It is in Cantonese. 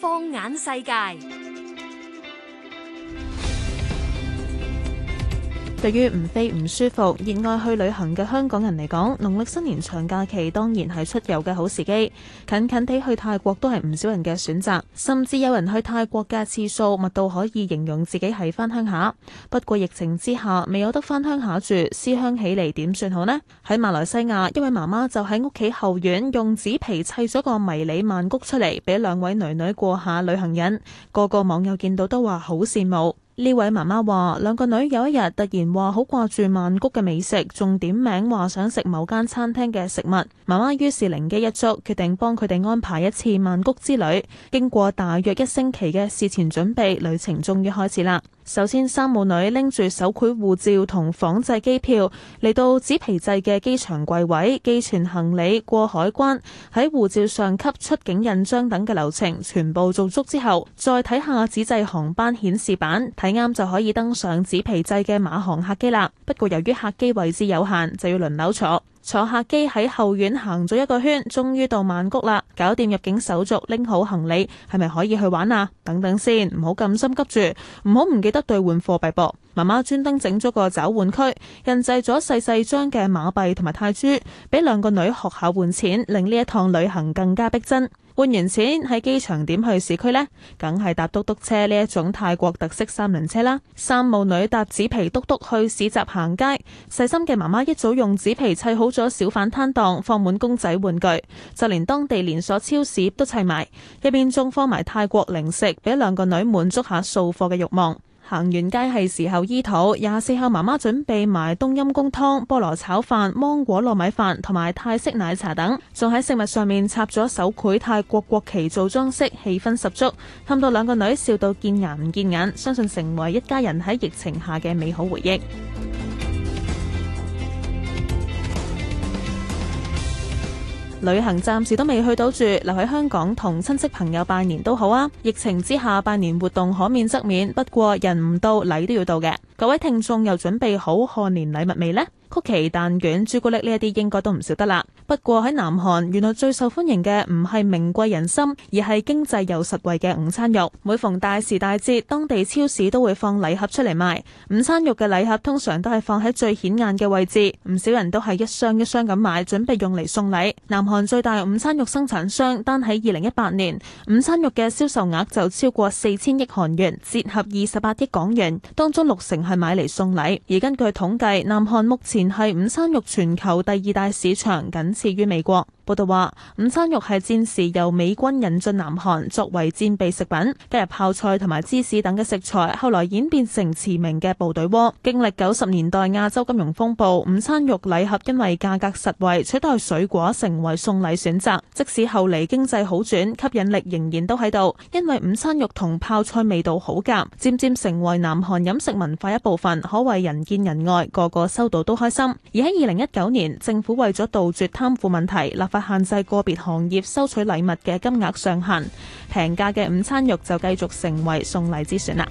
放眼世界。對於唔飛唔舒服、熱愛去旅行嘅香港人嚟講，農曆新年長假期當然係出遊嘅好時機。近近地去泰國都係唔少人嘅選擇，甚至有人去泰國嘅次數，密到可以形容自己係返鄉下。不過疫情之下，未有得返鄉下住，思鄉起嚟點算好呢？喺馬來西亞，一位媽媽就喺屋企後院用紙皮砌咗個迷你曼谷出嚟，俾兩位囡囡過下旅行癮。個個網友見到都話好羨慕。呢位媽媽話，兩個女有一日突然話好掛住曼谷嘅美食，仲點名話想食某間餐廳嘅食物。媽媽於是靈機一觸，決定幫佢哋安排一次曼谷之旅。經過大約一星期嘅事前準備，旅程終於開始啦。首先，三母女拎住手繪護照同仿製機票嚟到紙皮製嘅機場櫃位，寄存行李、過海關、喺護照上蓋出境印章等嘅流程全部做足之後，再睇下紙製航班顯示板，睇啱就可以登上紙皮製嘅馬航客機啦。不過由於客機位置有限，就要輪流坐。坐客機喺後院行咗一個圈，終於到曼谷啦！搞掂入境手續，拎好行李，係咪可以去玩啊？等等先，唔好咁心急住，唔好唔記得兌換貨幣噃。媽媽專登整咗個找換區，印製咗細細張嘅馬幣同埋泰銖，俾兩個女學下換錢，令呢一趟旅行更加逼真。換完錢喺機場點去市區呢？梗係搭嘟嘟車呢一種泰國特色三輪車啦。三母女搭紙皮嘟嘟嘟去市集行街，細心嘅媽媽一早用紙皮砌好咗小販攤檔，放滿公仔玩具，就連當地連鎖超市都砌埋，入邊仲放埋泰國零食，俾兩個女滿足下掃貨嘅慾望。行完街係時候醫肚，廿四孝媽媽準備埋冬陰公湯、菠蘿炒飯、芒果糯米飯同埋泰式奶茶等，仲喺食物上面插咗手繪泰國國旗做裝飾，氣氛十足，氹到兩個女笑到見牙唔見眼，相信成為一家人喺疫情下嘅美好回憶。旅行暫時都未去到住，留喺香港同親戚朋友拜年都好啊！疫情之下，拜年活動可免則免，不過人唔到，禮都要到嘅。各位聽眾又準備好賀年禮物未呢？曲奇、蛋卷、朱古力呢一啲應該都唔少得啦。不過喺南韓，原來最受歡迎嘅唔係名貴人參，而係經濟又實惠嘅午餐肉。每逢大時大節，當地超市都會放禮盒出嚟賣。午餐肉嘅禮盒通常都係放喺最顯眼嘅位置。唔少人都係一箱一箱咁買，準備用嚟送禮。南韓最大午餐肉生產商單，單喺二零一八年午餐肉嘅銷售額就超過四千億韓元，折合二十八億港元，當中六成係買嚟送禮。而根據統計，南韓目前係午餐肉全球第二大市場，僅次於美國。報道話，午餐肉係戰時由美軍引進南韓作為戰備食品，加入泡菜同埋芝士等嘅食材，後來演變成馳名嘅部隊鍋。經歷九十年代亞洲金融風暴，午餐肉禮盒因為價格實惠，取代水果，成為送禮選擇。即使後嚟經濟好轉，吸引力仍然都喺度，因為午餐肉同泡菜味道好夾，漸漸成為南韓飲食文化一部分，可謂人見人愛，個個收到都開心。而喺二零一九年，政府為咗杜絕貪腐問題，立法限制個別行業收取禮物嘅金額上限，平價嘅午餐肉就繼續成為送禮之選啦。